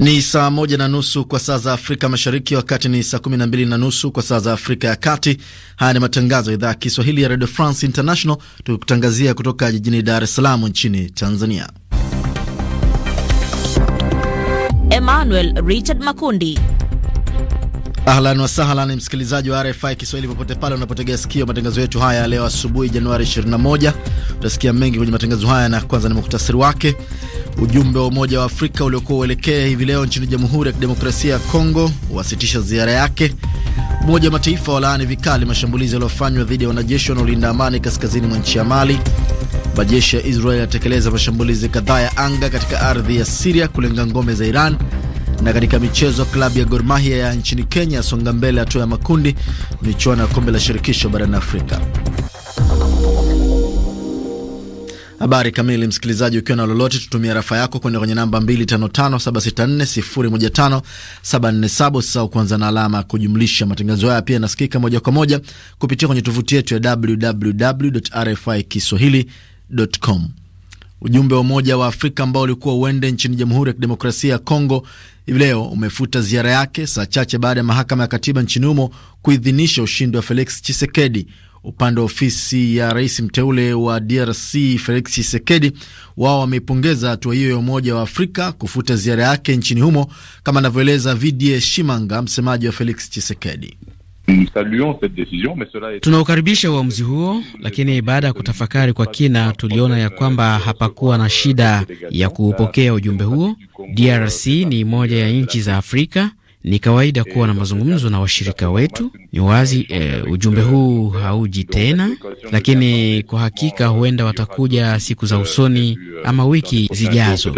Ni saa moja na nusu kwa saa za Afrika Mashariki, wakati ni saa kumi na mbili na nusu kwa saa za Afrika ya Kati. Haya ni matangazo ya idhaa ya Kiswahili ya Radio France International, tukikutangazia kutoka jijini Dar es Salaam nchini Tanzania. Emmanuel Richard Makundi Ahlan wasahlan, msikilizaji wa RFI Kiswahili popote pale unapotegea sikio matangazo yetu haya leo asubuhi, Januari 21. Utasikia mengi kwenye matangazo haya, na kwanza ni muhtasari wake. Ujumbe wa Umoja wa Afrika uliokuwa uelekee hivi leo nchini Jamhuri ya Kidemokrasia ya Kongo wasitisha ziara yake. Umoja wa Mataifa walaani vikali mashambulizi yaliyofanywa dhidi ya wanajeshi wanaolinda amani kaskazini mwa nchi ya Mali. Majeshi ya Israeli yatekeleza mashambulizi kadhaa ya anga katika ardhi ya Siria kulenga ngome za Iran na katika michezo, klabu ya Gor Mahia ya nchini Kenya yasonga mbele hatua ya makundi michuano ya kombe la shirikisho barani Afrika. Habari kamili, msikilizaji, ukiwa na lolote, tutumia rafa yako kwenda kwenye namba 255764015747. Usisahau kuanza na alama ya kujumlisha. Matangazo haya pia yanasikika moja kwa moja kupitia kwenye tovuti yetu ya www.rfikiswahili.com. Ujumbe wa Umoja wa Afrika ambao ulikuwa uende nchini Jamhuri ya Kidemokrasia ya Kongo hivi leo umefuta ziara yake saa chache baada ya mahakama ya katiba nchini humo kuidhinisha ushindi wa Felix Chisekedi. Upande wa ofisi ya rais mteule wa DRC Felix chisekedi wao wameipongeza hatua hiyo ya Umoja wa Afrika kufuta ziara yake nchini humo, kama anavyoeleza Vidie Shimanga, msemaji wa Felix chisekedi Tunaukaribisha uamuzi huo, lakini baada ya kutafakari kwa kina, tuliona ya kwamba hapakuwa na shida ya kuupokea ujumbe huo. DRC ni moja ya nchi za Afrika, ni kawaida kuwa na mazungumzo na washirika wetu. Ni wazi e, ujumbe huu hauji tena, lakini kwa hakika huenda watakuja siku za usoni ama wiki zijazo.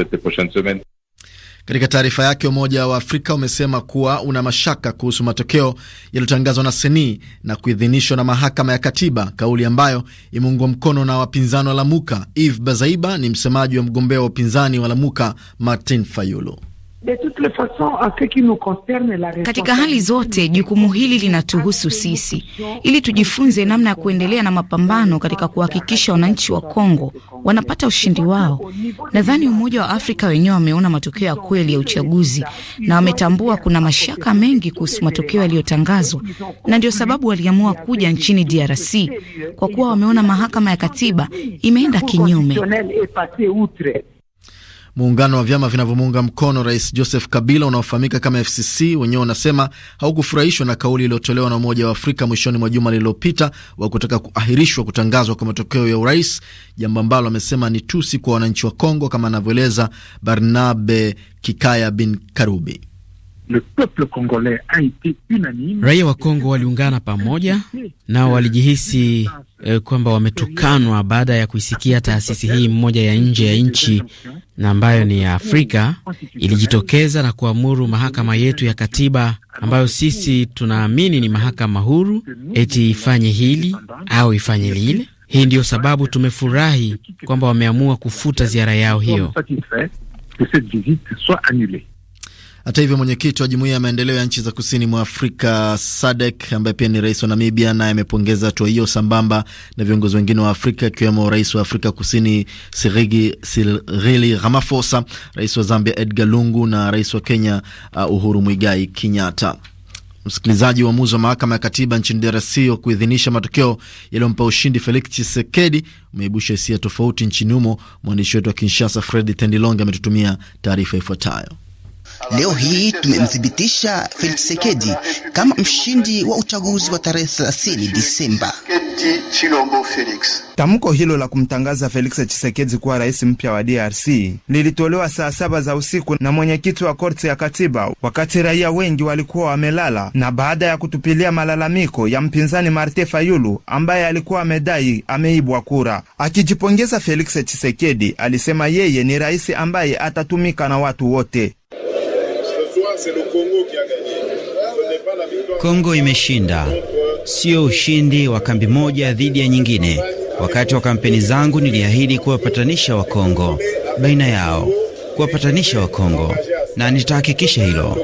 Katika taarifa yake, Umoja wa Afrika umesema kuwa una mashaka kuhusu matokeo yaliyotangazwa na Seni na kuidhinishwa na mahakama ya katiba, kauli ambayo imeungwa mkono na wapinzani wa Lamuka. Eve Bazaiba ni msemaji wa mgombea wa upinzani wa Lamuka Martin Fayulu. Katika hali zote, jukumu hili linatuhusu sisi, ili tujifunze namna ya kuendelea na mapambano katika kuhakikisha wananchi wa Kongo wanapata ushindi wao. Nadhani Umoja wa Afrika wenyewe wameona matokeo ya kweli ya uchaguzi na wametambua kuna mashaka mengi kuhusu matokeo yaliyotangazwa, na ndio sababu waliamua kuja nchini DRC kwa kuwa wameona mahakama ya katiba imeenda kinyume. Muungano wa vyama vinavyomuunga mkono Rais Joseph Kabila unaofahamika kama FCC wenyewe wanasema haukufurahishwa na kauli iliyotolewa na Umoja wa Afrika mwishoni mwa juma lililopita wa kutaka kuahirishwa kutangazwa kwa matokeo ya urais, jambo ambalo amesema ni tusi kwa wananchi wa Kongo, kama anavyoeleza Barnabe Kikaya bin Karubi. Le peuple congolais a été unanime. Raia wa Kongo waliungana pamoja, nao walijihisi eh, kwamba wametukanwa baada ya kuisikia taasisi hii mmoja ya nje ya nchi na ambayo ni ya Afrika ilijitokeza na kuamuru mahakama yetu ya katiba ambayo sisi tunaamini ni mahakama huru, eti ifanye hili au ifanye lile. Hii ndiyo sababu tumefurahi kwamba wameamua kufuta ziara yao hiyo. Hata hivyo, mwenyekiti wa jumuiya ya maendeleo ya nchi za kusini mwa Afrika SADC ambaye pia ni rais wa Namibia naye amepongeza hatua hiyo sambamba na viongozi wengine wa Afrika ikiwemo rais wa Afrika Kusini Sirili ramafosa rais wa Zambia Edgar Lungu na rais wa Kenya uh, Uhuru mwigai Kenyatta. Msikilizaji, uamuzi wa mahakama ya katiba nchini DRC wa kuidhinisha matokeo yaliyompa ushindi Felix Chisekedi umeibusha hisia tofauti nchini humo. Mwandishi wetu wa Kinshasa Fredi Tendilonge ametutumia taarifa ifuatayo. Leo hii tumemthibitisha Tshisekedi kama mshindi wa uchaguzi wa tarehe 30 Disemba. Tamko hilo la kumtangaza Felix Tshisekedi kuwa rais mpya wa DRC lilitolewa saa saba za usiku na mwenyekiti wa korti ya katiba, wakati raia wengi walikuwa wamelala, na baada ya kutupilia malalamiko ya mpinzani Martin Fayulu ambaye alikuwa amedai ameibwa kura. Akijipongeza, Felix Tshisekedi alisema yeye ni rais ambaye atatumika na watu wote. Kongo imeshinda, sio ushindi wa kambi moja dhidi ya nyingine. Wakati wa kampeni zangu niliahidi kuwapatanisha Wakongo baina yao, kuwapatanisha Wakongo na nitahakikisha hilo.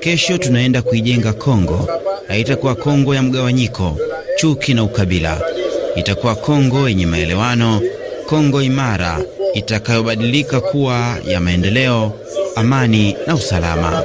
Kesho tunaenda kuijenga Kongo. Haitakuwa Kongo ya mgawanyiko, chuki na ukabila. Itakuwa Kongo yenye maelewano, Kongo imara itakayobadilika kuwa ya maendeleo, amani na usalama.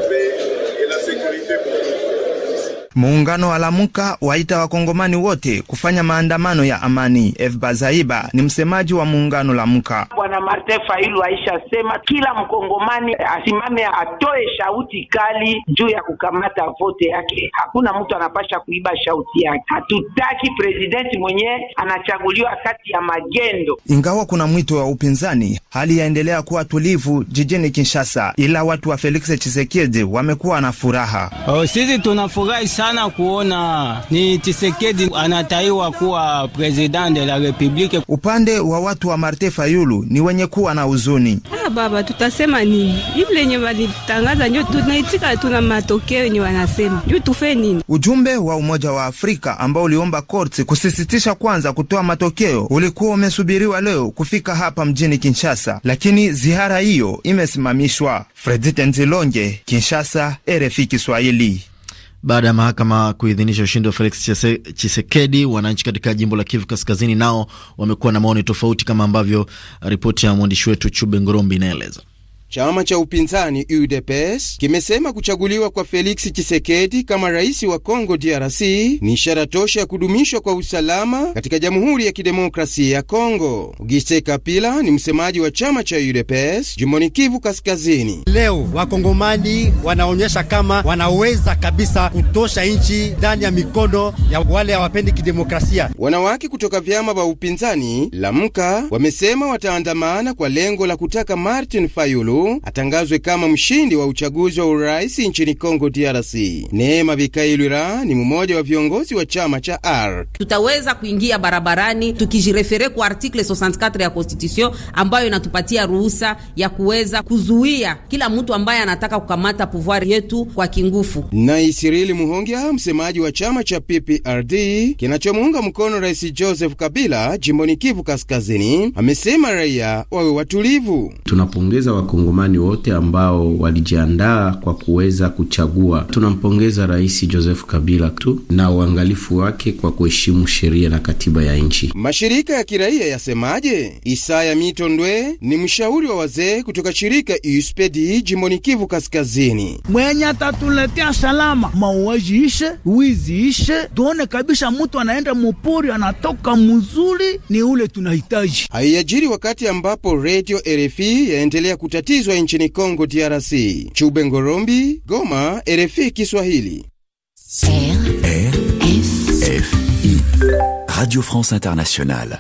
Muungano wa Lamuka waita wakongomani wote kufanya maandamano ya amani. F Bazaiba ni msemaji wa muungano Lamuka. Bwana Martin Failu aishasema kila mkongomani asimame atoe shauti kali juu ya kukamata vote yake. Hakuna mtu anapasha kuiba shauti yake. Hatutaki presidenti mwenyewe anachaguliwa kati ya magendo. Ingawa kuna mwito wa upinzani, hali yaendelea kuwa tulivu jijini Kinshasa, ila watu wa Felix Chisekedi wamekuwa na furaha. Oh, sisi tunafurahi sana sana kuona ni Tshisekedi anataiwa kuwa president de la republique. Upande wa watu wa Marte Fayulu ni wenye kuwa na huzuni. Ah, baba, tutasema nini? Ile yenye walitangaza ndio tunaitika, tuna matokeo yenye wanasema juu, tufe nini? Ujumbe wa Umoja wa Afrika ambao uliomba korti kusisitisha kwanza kutoa matokeo ulikuwa umesubiriwa leo kufika hapa mjini Kinshasa, lakini ziara hiyo imesimamishwa. Fredi Tenzilonge, Kinshasa, RFI Kiswahili baada ya mahakama kuidhinisha ushindi wa Felix Chisekedi. Wananchi katika jimbo la Kivu Kaskazini nao wamekuwa na maoni tofauti, kama ambavyo ripoti ya mwandishi wetu Chube Ngorombi inaeleza. Chama cha upinzani UDPS kimesema kuchaguliwa kwa Felix chisekedi kama rais wa Kongo DRC ni ishara tosha ya kudumishwa kwa usalama katika Jamhuri ya Kidemokrasia ya Kongo. Auguste Kapila ni msemaji wa chama cha UDPS jimboni Kivu Kaskazini. Leo wakongomani wanaonyesha kama wanaweza kabisa kutosha nchi ndani ya mikono ya wale hawapendi kidemokrasia. Wanawake kutoka vyama vya upinzani Lamka wamesema wataandamana kwa lengo la kutaka Martin Fayulu atangazwe kama mshindi wa uchaguzi wa urais nchini congo DRC. Neema vikailwira ni mmoja wa viongozi wa chama cha R. Tutaweza kuingia barabarani tukijirefere kwa article 64 ya constitution ambayo inatupatia ruhusa ya kuweza kuzuia kila mtu ambaye anataka kukamata pouvoir yetu kwa kingufu. Na Isirili Muhongia, msemaji wa chama cha PPRD kinachomuunga mkono Rais Joseph Kabila jimboni Kivu Kaskazini, amesema raia wawe watulivu. Tunapongeza wakongomani wote ambao walijiandaa kwa kuweza kuchagua. Tunampongeza Rais Joseph Kabila tu na uangalifu wake kwa kuheshimu sheria na katiba ya nchi. Mashirika ya kiraia yasemaje? Isaya Mitondwe ni mshauri wa wazee kutoka shirika USPEDI jimboni Kivu Kaskazini. mwenye atatuletea salama, mauaji ishe, wizi ishe, tuone kabisa mtu anaenda mupori anatoka mzuri, ni ule tunahitaji. Haiajiri wakati ambapo redio RFI yaendelea kutatia kuambukizwa nchini Kongo DRC. Chube Ngorombi, Goma, RFI Kiswahili. Radio France Internationale.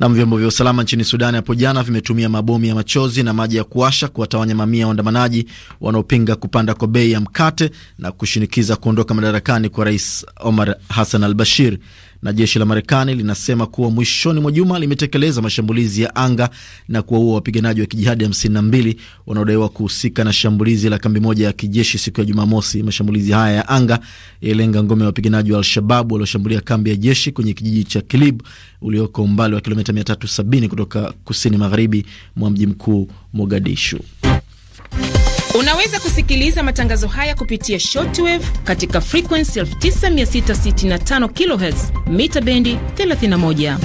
Na vyombo vya usalama nchini Sudani hapo jana vimetumia mabomu ya machozi na maji ya kuasha kuwatawanya mamia ya waandamanaji wanaopinga kupanda kwa bei ya mkate na kushinikiza kuondoka madarakani kwa Rais Omar Hassan al-Bashir na jeshi la Marekani linasema kuwa mwishoni mwa juma limetekeleza mashambulizi ya anga na kuwaua wapiganaji wa kijihadi 52 wanaodaiwa kuhusika na shambulizi la kambi moja ya kijeshi siku ya Jumamosi. Mashambulizi haya ya anga yalenga ngome ya wapiganaji wa Al-Shababu walioshambulia kambi ya jeshi kwenye kijiji cha Kilib ulioko umbali wa kilomita 370 kutoka kusini magharibi mwa mji mkuu Mogadishu. Unaweza kusikiliza matangazo haya kupitia shortwave katika frequency 9665 kHz mita bendi 31.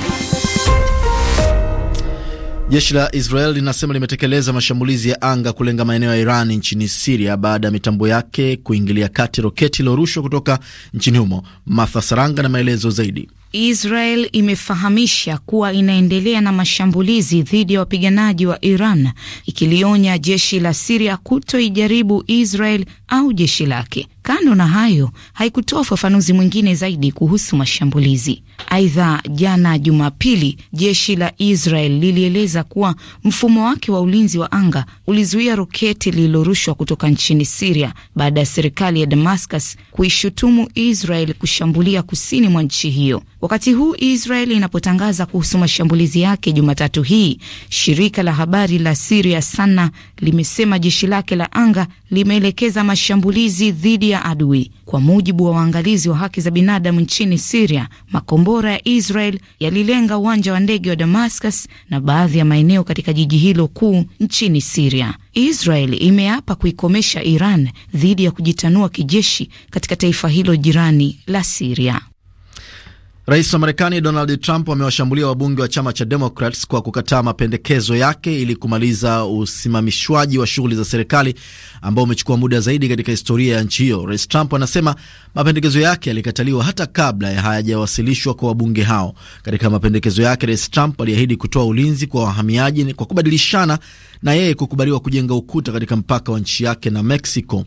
Jeshi la Israel linasema limetekeleza mashambulizi ya anga kulenga maeneo ya Iran nchini Siria baada ya mitambo yake kuingilia kati roketi iliyorushwa kutoka nchini humo. Martha Saranga na maelezo zaidi. Israel imefahamisha kuwa inaendelea na mashambulizi dhidi ya wapiganaji wa Iran ikilionya jeshi la Siria kutoijaribu Israel au jeshi lake Kando na hayo, haikutoa ufafanuzi mwingine zaidi kuhusu mashambulizi. Aidha, jana Jumapili, jeshi la Israel lilieleza kuwa mfumo wake wa ulinzi wa anga ulizuia roketi lililorushwa kutoka nchini Siria baada ya serikali ya Damascus kuishutumu Israel kushambulia kusini mwa nchi hiyo. Wakati huu Israel inapotangaza kuhusu mashambulizi yake Jumatatu hii, shirika la habari la Siria Sana limesema jeshi lake la anga limeelekeza mashambulizi dhidi ya adui. Kwa mujibu wa waangalizi wa haki za binadamu nchini Siria, makombora ya Israel yalilenga uwanja wa ndege wa Damascus na baadhi ya maeneo katika jiji hilo kuu nchini Siria. Israel imeapa kuikomesha Iran dhidi ya kujitanua kijeshi katika taifa hilo jirani la Siria. Rais wa Marekani Donald Trump amewashambulia wabunge wa chama cha Democrats kwa kukataa mapendekezo yake ili kumaliza usimamishwaji wa shughuli za serikali ambao umechukua muda zaidi katika historia ya nchi hiyo. Rais Trump anasema mapendekezo yake yalikataliwa hata kabla ya hayajawasilishwa kwa wabunge hao. Katika mapendekezo yake, Rais Trump aliahidi kutoa ulinzi kwa wahamiaji kwa kubadilishana na yeye kukubaliwa kujenga ukuta katika mpaka wa nchi yake na Mexico.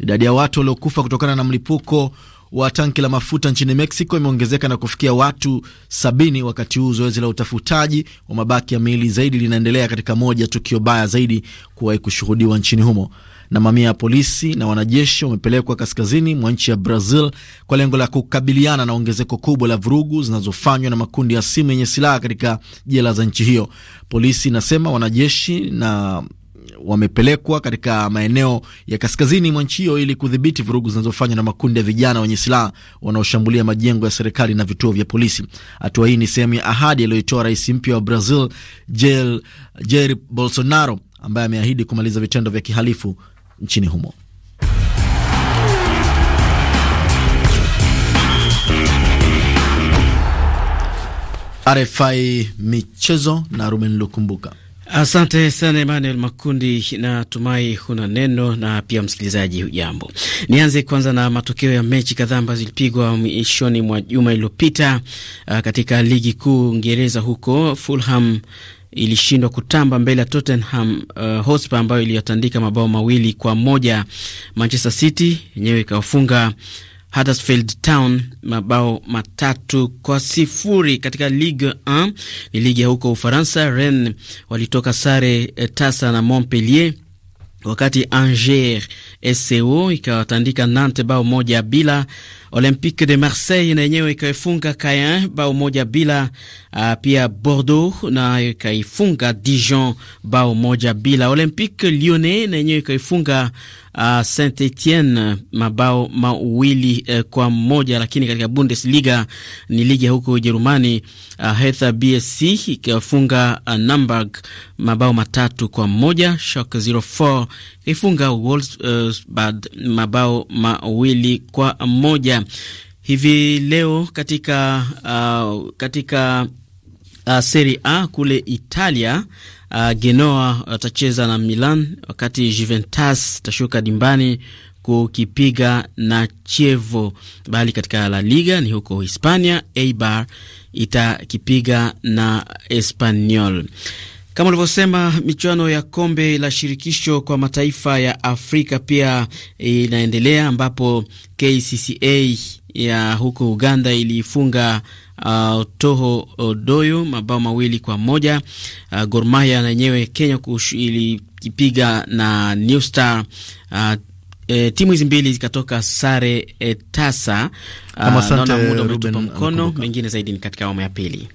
Idadi ya watu waliokufa kutokana na mlipuko wa tanki la mafuta nchini Mexico imeongezeka na kufikia watu sabini, wakati huu zoezi la utafutaji wa mabaki ya miili zaidi linaendelea katika moja tukio baya zaidi kuwahi kushuhudiwa nchini humo. Na mamia ya polisi na wanajeshi wamepelekwa kaskazini mwa nchi ya Brazil kwa lengo la kukabiliana na ongezeko kubwa la vurugu zinazofanywa na makundi ya simu yenye silaha katika jela za nchi hiyo. Polisi inasema wanajeshi na wamepelekwa katika maeneo ya kaskazini mwa nchi hiyo ili kudhibiti vurugu zinazofanywa na makundi ya vijana wenye silaha wanaoshambulia majengo ya serikali na vituo vya polisi. Hatua hii ni sehemu ya ahadi aliyoitoa rais mpya wa Brazil Jair Bolsonaro, ambaye ameahidi kumaliza vitendo vya kihalifu nchini humo. RFI Michezo na Ruben Lukumbuka. Asante sana Emmanuel Makundi, natumai huna neno na pia msikilizaji hujambo. Nianze kwanza na matokeo ya mechi kadhaa ambazo zilipigwa mwishoni mwa juma iliyopita ah, katika ligi kuu ngereza huko Fulham ilishindwa kutamba mbele ya Tottenham uh, Hotspur ambayo iliyotandika mabao mawili kwa moja. Manchester City yenyewe ikawafunga Huddersfield Town mabao matatu kwa sifuri katika Ligue 1 ni ligi ya huko Ufaransa. Rennes walitoka sare eh, tasa na Montpellier, wakati Angers SCO ikawatandika Nantes bao moja bila Olympique de Marseille na yenyewe ikaifunga Caen bao moja bila. Uh, pia Bordeaux na ikaifunga Dijon bao moja bila. Olympique Lyonnais na yenyewe ikaifunga uh, ah, Saint Etienne mabao mawili uh, kwa moja. Lakini katika Bundesliga ni ligi ya huko Ujerumani, uh, Hertha BSC ikafunga uh, Nürnberg mabao matatu kwa moja. Schalke 04 ikaifunga Wolfsburg uh, mabao mawili kwa moja hivi leo katika, uh, katika uh, Serie A kule Italia. Uh, Genoa watacheza na Milan wakati Juventus tashuka dimbani kukipiga na Chievo, bali katika La Liga ni huko Hispania, Eibar itakipiga na Espanyol. Kama ulivyosema, michuano ya kombe la shirikisho kwa mataifa ya Afrika pia inaendelea, ambapo KCCA ya huko Uganda iliifunga uh, Toho Odoyo mabao mawili kwa moja. Uh, Gor Mahia na yenyewe Kenya ilikipiga na New Star uh, E, timu hizi mbili zikatoka sare e, tasa. Uh, naona muda umetupa mkono, mengine zaidi ni katika awamu ya pili.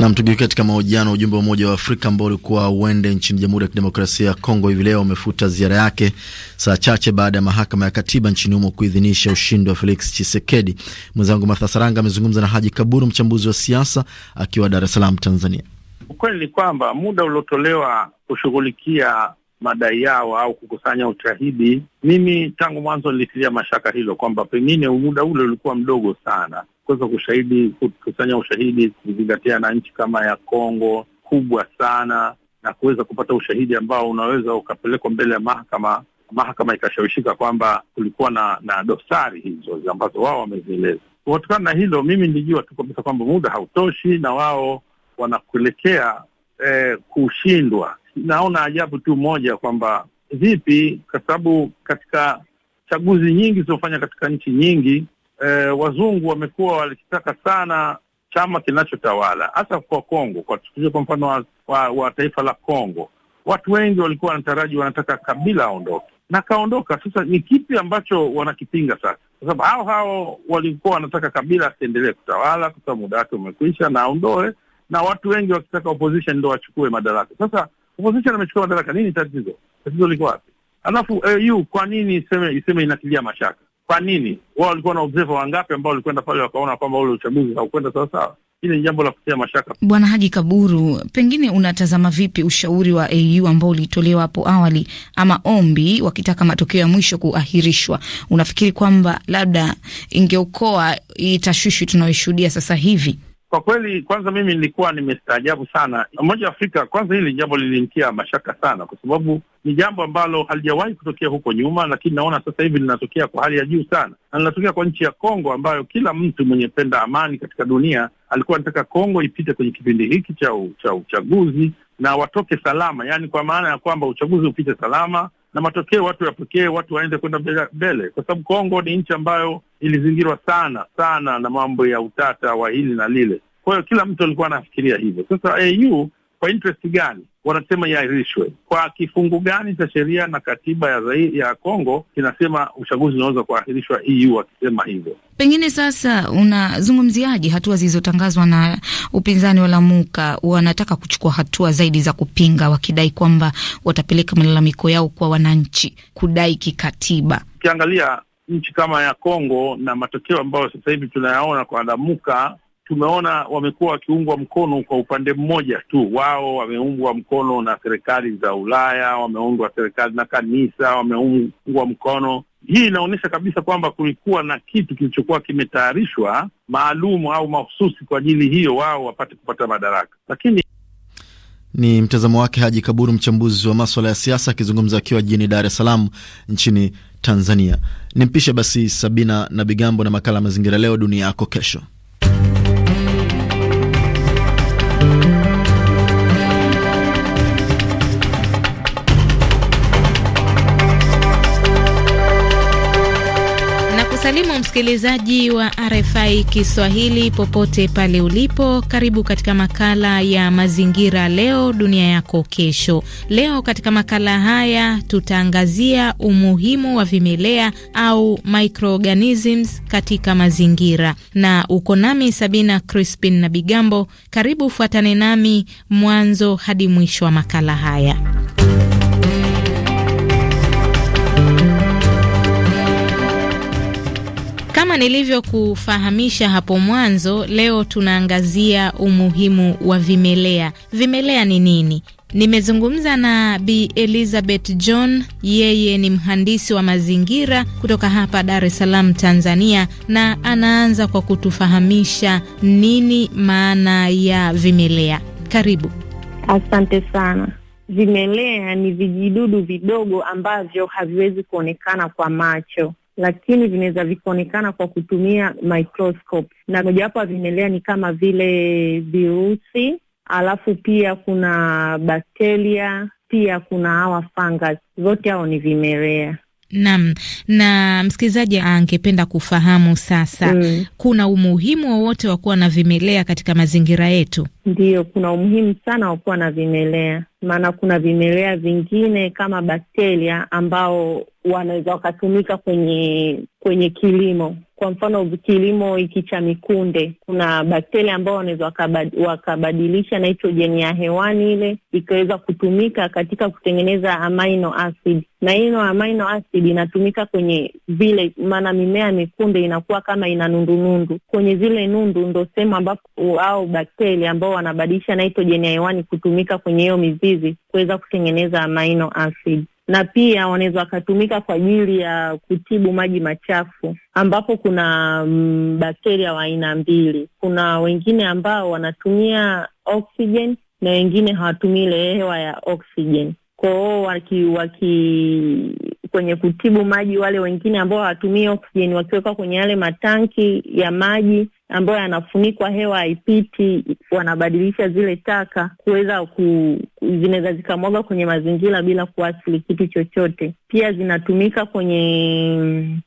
Nam, tugeukia katika mahojiano. Ujumbe wa Umoja wa Afrika ambao ulikuwa uende nchini Jamhuri ya Kidemokrasia ya Kongo hivi leo umefuta ziara yake saa chache baada ya mahakama ya katiba nchini humo kuidhinisha ushindi wa Felix Chisekedi. Mwenzangu mathasaranga Saranga amezungumza na Haji Kaburu, mchambuzi wa siasa, akiwa Dar es Salaam, Tanzania. Ukweli ni kwamba muda uliotolewa kushughulikia madai yao au kukusanya ushahidi, mimi tangu mwanzo nilitilia mashaka hilo kwamba pengine muda ule ulikuwa mdogo sana, kuweza kushahidi kukusanya ushahidi kuzingatia na nchi kama ya Kongo kubwa sana, na kuweza kupata ushahidi ambao unaweza ukapelekwa mbele ya mahakama, mahakama ikashawishika kwamba kulikuwa na na dosari hizo ambazo wao wamezieleza. Kutokana na hilo, mimi nilijua tu kabisa kwamba muda hautoshi na wao wanakuelekea eh, kushindwa. Naona ajabu tu moja kwamba vipi, kwa sababu katika chaguzi nyingi zilizofanya katika nchi nyingi e, wazungu wamekuwa walikitaka sana chama kinachotawala hasa kwa Kongo, kwa tukio kwa mfano wa, wa, wa taifa la Kongo, watu wengi walikuwa wanataraji wanataka Kabila aondoke na kaondoka. Sasa ni kipi ambacho wanakipinga sasa? Kwa sababu hao hao walikuwa wanataka Kabila asiendelee kutawala kwa sababu muda wake umekwisha na aondoe, na watu wengi wakitaka opposition ndo wachukue madaraka. Sasa opposition amechukua madaraka, nini tatizo? Tatizo liko wapi? Alafu au eh, kwa nini iseme iseme inakilia mashaka kwa nini wao walikuwa na observer wangapi ambao walikwenda pale wakaona kwamba ule uchaguzi haukwenda sawasawa? Hili ni jambo la kutia mashaka. Bwana Haji Kaburu, pengine unatazama vipi ushauri wa AU ambao ulitolewa hapo awali ama ombi wakitaka matokeo ya mwisho kuahirishwa? Unafikiri kwamba labda ingeokoa hii tashwishi sasa hivi? Kwa kweli, kwanza mimi nilikuwa nimestaajabu sana. Umoja wa Afrika, kwanza hili jambo lilinitia mashaka sana, kwa sababu ni jambo ambalo halijawahi kutokea huko nyuma, lakini naona sasa hivi linatokea kwa hali ya juu sana, na linatokea kwa nchi ya Kongo ambayo kila mtu mwenye penda amani katika dunia alikuwa anataka Kongo ipite kwenye kipindi hiki cha cha uchaguzi na watoke salama, yaani kwa maana ya kwamba uchaguzi upite salama na matokeo watu yapokee, watu waende kwenda mbele, kwa sababu Kongo ni nchi ambayo ilizingirwa sana sana na mambo ya utata wa hili na lile. Kwa hiyo kila mtu alikuwa anafikiria hivyo. Sasa AU kwa interest gani wanasema iahirishwe? Kwa kifungu gani cha sheria na katiba ya zai, ya Kongo kinasema uchaguzi unaweza kuahirishwa? EU wakisema hivyo, pengine sasa unazungumziaje hatua zilizotangazwa na upinzani wa Lamuka? Wanataka kuchukua hatua zaidi za kupinga, wakidai kwamba watapeleka malalamiko yao kwa wananchi kudai kikatiba. Ukiangalia nchi kama ya Kongo na matokeo ambayo sasa hivi tunayaona kwa Lamuka, tumeona wamekuwa wakiungwa mkono kwa upande mmoja tu. Wao wameungwa mkono na serikali za Ulaya, wameungwa serikali na kanisa, wameungwa mkono. Hii inaonyesha kabisa kwamba kulikuwa na kitu kilichokuwa kimetayarishwa maalum au mahususi kwa ajili hiyo, wao wapate kupata madaraka, lakini ni mtazamo wake Haji Kaburu, mchambuzi wa maswala ya siasa, akizungumza akiwa jijini Dar es Salaam nchini Tanzania. Nimpishe basi Sabina na Bigambo na makala Mazingira Leo Dunia Yako Kesho. Msikilizaji wa RFI Kiswahili popote pale ulipo, karibu katika makala ya mazingira leo dunia yako kesho. Leo katika makala haya tutaangazia umuhimu wa vimelea au microorganisms katika mazingira, na uko nami Sabina Crispin na Bigambo. Karibu, fuatane nami mwanzo hadi mwisho wa makala haya. nilivyokufahamisha hapo mwanzo, leo tunaangazia umuhimu wa vimelea. Vimelea ni nini? Nimezungumza na Bi Elizabeth John, yeye ni mhandisi wa mazingira kutoka hapa Dar es Salaam, Tanzania, na anaanza kwa kutufahamisha nini maana ya vimelea. Karibu. Asante sana. Vimelea ni vijidudu vidogo ambavyo haviwezi kuonekana kwa macho, lakini vinaweza vikaonekana kwa kutumia microscope, na mojawapo ya vimelea ni kama vile virusi, alafu pia kuna bakteria, pia kuna hawa fungus, zote hao ni vimelea. Naam, na msikilizaji angependa kufahamu sasa, mm, kuna umuhimu wowote wa kuwa na vimelea katika mazingira yetu? Ndiyo, kuna umuhimu sana wa kuwa na vimelea, maana kuna vimelea vingine kama bakteria ambao wanaweza wakatumika kwenye kwenye kilimo. Kwa mfano kilimo hiki cha mikunde, kuna bakteria ambao wanaweza wakabad, wakabadilisha nitrojeni ya hewani ile ikaweza kutumika katika kutengeneza amino acid, na hiyo amino acid inatumika kwenye vile, maana mimea ya mikunde inakuwa kama ina nundunundu, kwenye zile nundu ndo sehemu ambapo au bakteria ambao wanabadilisha nitrogen ya hewani kutumika kwenye hiyo mizizi kuweza kutengeneza amino acid na pia wanaweza wakatumika kwa ajili ya kutibu maji machafu, ambapo kuna mm, bakteria wa aina mbili. Kuna wengine ambao wanatumia oxygen na wengine hawatumii ile hewa ya oxygen. Kwa hiyo waki, waki kwenye kutibu maji wale wengine ambao hawatumii oksijeni, wakiwekwa kwenye yale matanki ya maji ambayo yanafunikwa, hewa haipiti, wanabadilisha zile taka kuweza ku, zinaweza zikamwaga kwenye mazingira bila kuathiri kitu chochote. Pia zinatumika kwenye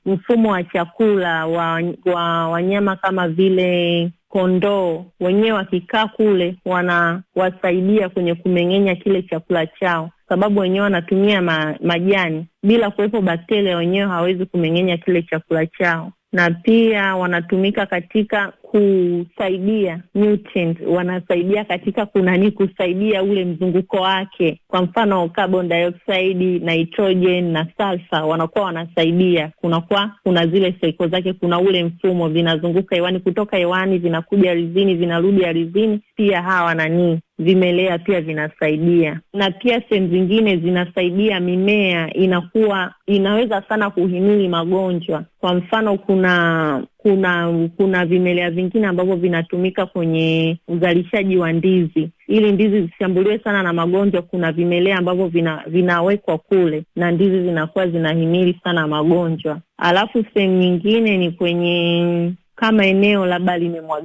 mfumo wa chakula wa, wa wanyama kama vile kondoo wenyewe wakikaa kule wanawasaidia kwenye kumeng'enya kile chakula chao, sababu wenyewe wanatumia ma, majani. Bila kuwepo bakteria, wenyewe hawawezi kumeng'enya kile chakula chao, na pia wanatumika katika kusaidia nutrient, wanasaidia katika kunani, kusaidia ule mzunguko wake. Kwa mfano carbon dioxide, nitrogen na sulfur wanakuwa wanasaidia, kunakuwa kuna zile seko zake, kuna ule mfumo, vinazunguka hewani, kutoka hewani vinakuja ardhini, vinarudi ardhini. Pia hawa nanii vimelea pia vinasaidia, na pia sehemu zingine zinasaidia. Mimea inakuwa inaweza sana kuhimili magonjwa. Kwa mfano, kuna kuna kuna vimelea vingine ambavyo vinatumika kwenye uzalishaji wa ndizi ili ndizi zisishambuliwe sana na magonjwa. Kuna vimelea ambavyo vina, vinawekwa kule na ndizi zinakuwa zinahimili sana magonjwa. Alafu sehemu nyingine ni kwenye kama eneo labda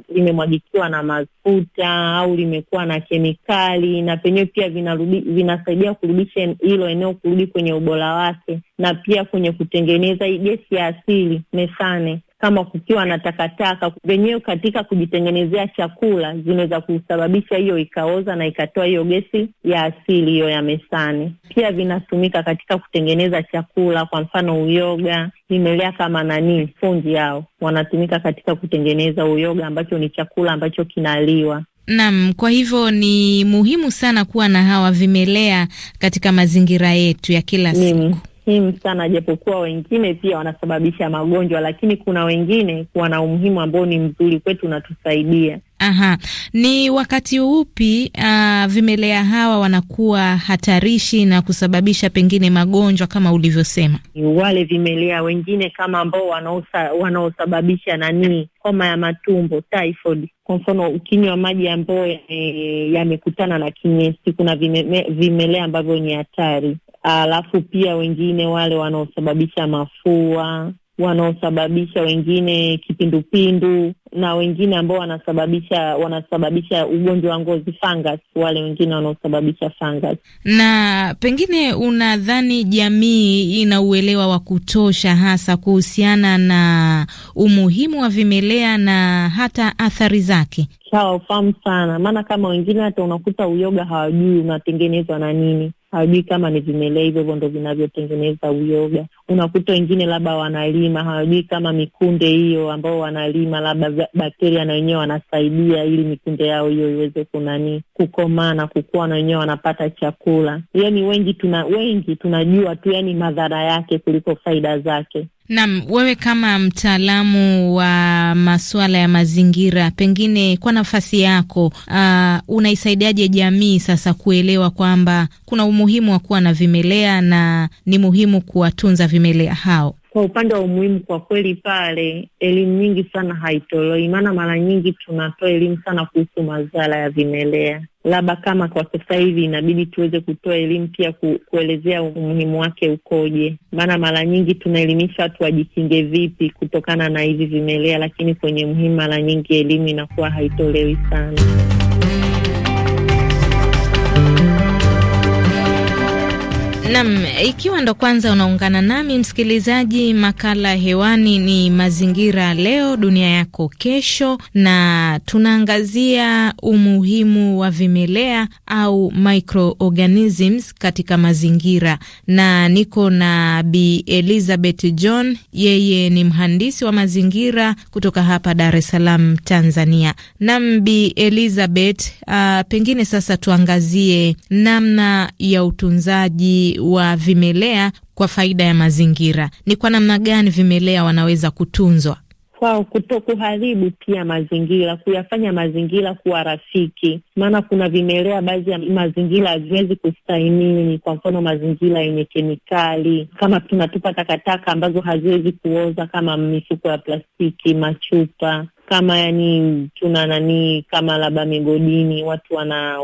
limemwagikiwa na mafuta au limekuwa na kemikali, na penyewe pia vinarudi, vinasaidia kurudisha hilo eneo kurudi kwenye ubora wake, na pia kwenye kutengeneza hii gesi ya asili methane kama kukiwa na takataka, wenyewe katika kujitengenezea chakula zinaweza kusababisha hiyo ikaoza na ikatoa hiyo gesi ya asili hiyo ya mesani. Pia vinatumika katika kutengeneza chakula, kwa mfano uyoga, vimelea kama nanii fundi yao wanatumika katika kutengeneza uyoga, ambacho ni chakula ambacho kinaliwa. Naam, kwa hivyo ni muhimu sana kuwa na hawa vimelea katika mazingira yetu ya kila siku muhimu sana, japokuwa wengine pia wanasababisha magonjwa, lakini kuna wengine kuwa na umuhimu ambao ni mzuri kwetu, unatusaidia. Aha, ni wakati upi uh, vimelea hawa wanakuwa hatarishi na kusababisha pengine magonjwa kama ulivyosema? Ni wale vimelea wengine kama ambao wanaosababisha nanii homa ya matumbo typhoid. Kwa mfano, ukinywa maji ambayo eh, yamekutana na kinyesi, kuna vime, vimelea ambavyo ni hatari alafu pia wengine wale wanaosababisha mafua wanaosababisha wengine kipindupindu na wengine ambao wanasababisha wanasababisha ugonjwa wa ngozi fungus, wale wengine wanaosababisha fungus. Na pengine unadhani jamii ina uelewa wa kutosha hasa kuhusiana na umuhimu wa vimelea na hata athari zake? ufahamu sana, maana kama wengine hata unakuta uyoga hawajui unatengenezwa na nini hawajui kama ni vimelea hivyo hivyo ndo vinavyotengeneza uyoga. Unakuta wengine labda wanalima hawajui kama mikunde hiyo ambao wanalima labda bakteria na wenyewe wanasaidia ili mikunde yao hiyo iweze kunani kukomaa na kukua, na wenyewe wanapata chakula. Yani wengi tuna wengi tunajua tu yani madhara yake kuliko faida zake nam wewe kama mtaalamu wa masuala ya mazingira, pengine kwa nafasi yako, uh, unaisaidiaje jamii sasa kuelewa kwamba kuna umuhimu wa kuwa na vimelea na ni muhimu kuwatunza vimelea hao? kwa upande wa umuhimu, kwa kweli pale elimu nyingi sana haitolewi, maana mara nyingi tunatoa elimu sana kuhusu madhara ya vimelea. Labda kama kwa sasa hivi inabidi tuweze kutoa elimu pia ku, kuelezea umuhimu wake ukoje, maana mara nyingi tunaelimisha watu wajikinge vipi kutokana na hivi vimelea, lakini kwenye muhimu mara nyingi elimu inakuwa haitolewi sana. Nam, ikiwa ndo kwanza unaungana nami msikilizaji, makala hewani ni mazingira leo dunia yako kesho, na tunaangazia umuhimu wa vimelea au microorganisms katika mazingira, na niko na Bi Elizabeth John, yeye ni mhandisi wa mazingira kutoka hapa Dar es Salaam, Tanzania. Nam, Bi Elizabeth, uh, pengine sasa tuangazie namna ya utunzaji wa vimelea kwa faida ya mazingira. Ni kwa namna gani vimelea wanaweza kutunzwa? Kwa kutokuharibu pia mazingira, kuyafanya mazingira kuwa rafiki, maana kuna vimelea baadhi ya mazingira haziwezi kustahimili. Kwa mfano, mazingira yenye kemikali, kama tunatupa takataka ambazo haziwezi kuoza, kama mifuko ya plastiki, machupa kama yani tuna nani kama labda migodini watu wana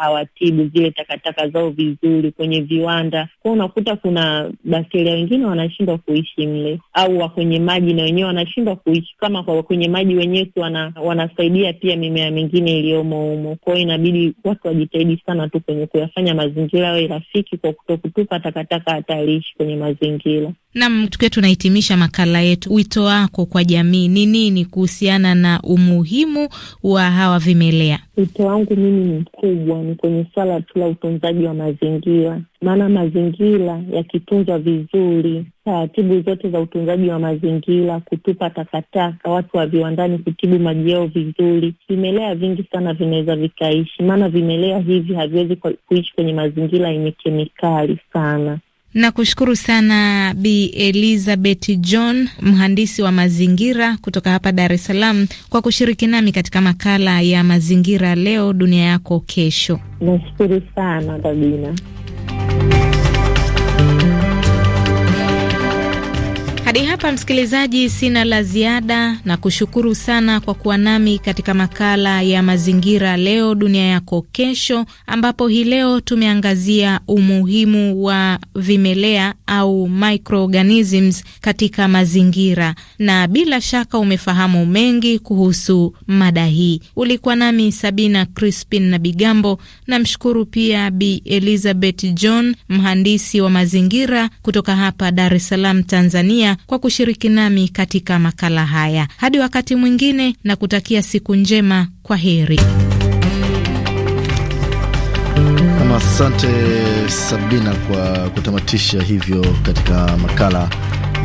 hawatibu zile takataka zao vizuri kwenye viwanda kwao, unakuta kuna bakteria wengine wanashindwa kuishi mle, au wa kwenye maji na wenyewe wanashindwa kuishi. Kama kwa kwenye maji wenyewe wana, wanasaidia pia mimea mingine iliyomo humo. Kwao inabidi watu wajitahidi sana tu kwenye kuyafanya mazingira yawe rafiki kwa kutokutupa takataka hatarishi kwenye mazingira. Nam, tukiwa tunahitimisha makala yetu, wito wako kwa jamii nini? nini kuhusiana na umuhimu wa hawa vimelea? Wito wangu mimi ni mkubwa, ni kwenye swala tu la utunzaji wa mazingira, maana mazingira yakitunzwa vizuri, taratibu zote za utunzaji wa mazingira, kutupa takataka, watu wa viwandani kutibu maji yao vizuri, vimelea vingi sana vinaweza vikaishi, maana vimelea hivi haviwezi kuishi kwenye mazingira yenye kemikali sana. Nakushukuru sana Bi Elizabeth John, mhandisi wa mazingira kutoka hapa Dar es Salaam, kwa kushiriki nami katika makala ya mazingira leo dunia yako kesho. Nashukuru sana Dabina. Hadi hapa msikilizaji, sina la ziada na kushukuru sana kwa kuwa nami katika makala ya mazingira leo dunia yako kesho, ambapo hii leo tumeangazia umuhimu wa vimelea au microorganisms katika mazingira, na bila shaka umefahamu mengi kuhusu mada hii. Ulikuwa nami Sabina Crispin na Bigambo. Namshukuru pia Bi Elizabeth John, mhandisi wa mazingira kutoka hapa Dar es Salaam, Tanzania kwa kushiriki nami katika makala haya. Hadi wakati mwingine, na kutakia siku njema. Kwa heri. Asante Sabina kwa kutamatisha hivyo katika makala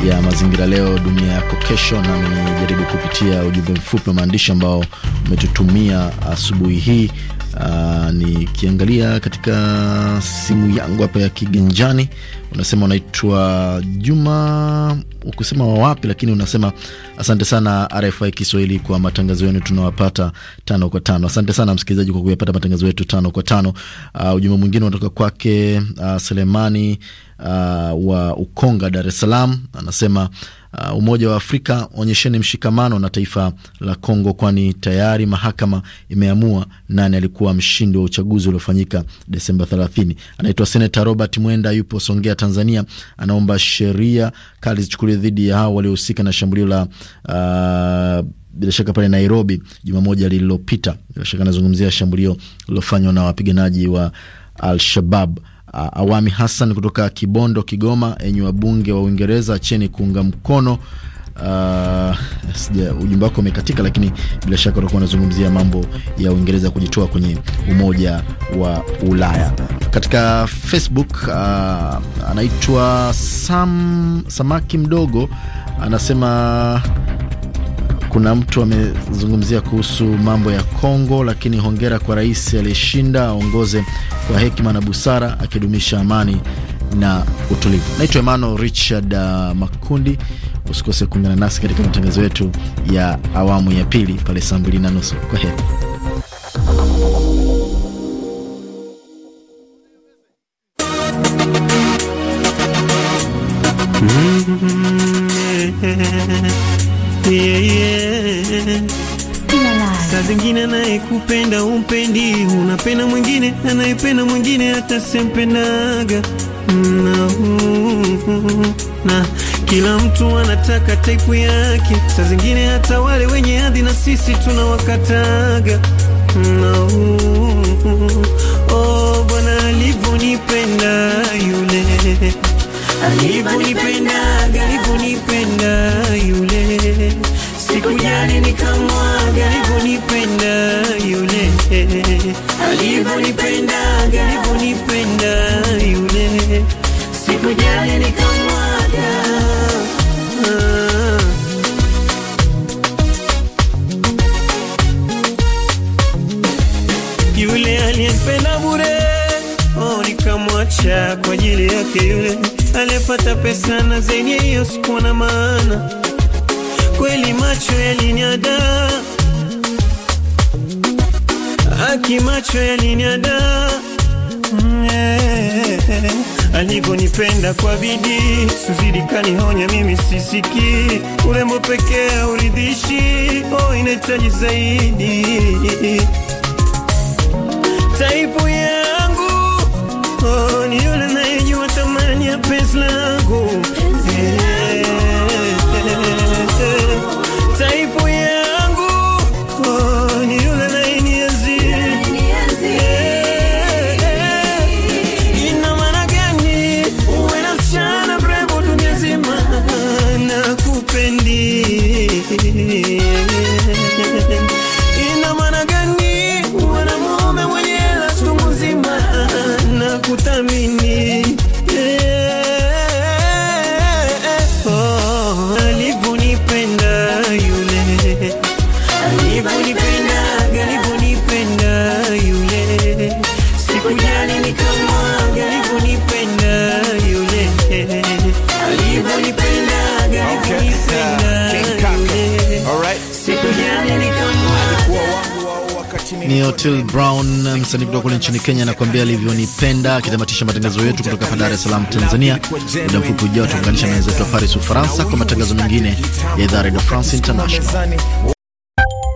ya mazingira leo dunia yako kesho. Nami nijaribu kupitia ujumbe mfupi wa maandishi ambao umetutumia asubuhi hii Ah, nikiangalia katika simu yangu hapa ya kiganjani, unasema unaitwa Juma, ukusema wawapi, lakini unasema asante sana RFI Kiswahili kwa matangazo yenu, tunawapata tano kwa tano. Asante sana msikilizaji kwa kuyapata matangazo yetu tano kwa tano. Uh, ujumbe mwingine unatoka kwake uh, Selemani uh, wa Ukonga, Dar es Salaam, anasema uh, Umoja wa Afrika onyesheni mshikamano na taifa la Kongo, kwani tayari mahakama imeamua nani alikuwa mshindi wa uchaguzi uliofanyika Desemba 30. Anaitwa Senata Robert Mwenda, yupo Songea, Tanzania. Anaomba sheria kali zichukuliwe dhidi ya hao waliohusika na shambulio la uh, bila shaka pale Nairobi juma moja lililopita. Bila shaka anazungumzia shambulio lililofanywa na wapiganaji wa Al-Shabab uh, Awami Hassan kutoka Kibondo, Kigoma. enye wabunge wa Uingereza, acheni kuunga mkono Uh, sija, ujumbe wako umekatika, lakini bila shaka utakuwa unazungumzia mambo ya Uingereza kujitoa kwenye Umoja wa Ulaya. Katika Facebook uh, anaitwa Sam Samaki mdogo anasema kuna mtu amezungumzia kuhusu mambo ya Kongo, lakini hongera kwa rais aliyeshinda, aongoze kwa hekima na busara, akidumisha amani na utulivu. Naitwa Emmanuel Richard uh, Makundi. Usikose kuungana nasi katika matangazo yetu ya awamu ya pili pale saa mbili na nusu. Kwa heri. hata simpinaga na na kila mtu anataka taipu yake, saa zingine hata wale wenye hadhi na sisi tunawakataga na oh, Bwana alivyonipenda yule alivyonipenda alivyonipenda yule Nilikujali nikamwaga alivyonipenda yule, alivyonipendaga alivyonipenda yule, sikujali nikamwaga yule aliyempenda bure, oh, nikamwacha kwa ajili yake yule aliyepata pesa na zenye hiyo sikuwa na maana macho ya yaliniada, haki macho ya yaliniada, mm, alivyonipenda kwa bidii, suzidi kanionya mimi sisiki, urembo pekee hauridhishi, oh, inahitaji zaidi taipu yangu, oh, ni yule anayejua thamani ya penzi langu Otile Brown, msanii kutoka kule nchini Kenya, anakuambia alivyonipenda, akitamatisha matangazo yetu kutoka hapa Dar es Salaam, Tanzania. Muda mfupi ujao tuunganisha na wenzetu wa Paris, Ufaransa, kwa matangazo mengine ya idhaa ya Radio France International.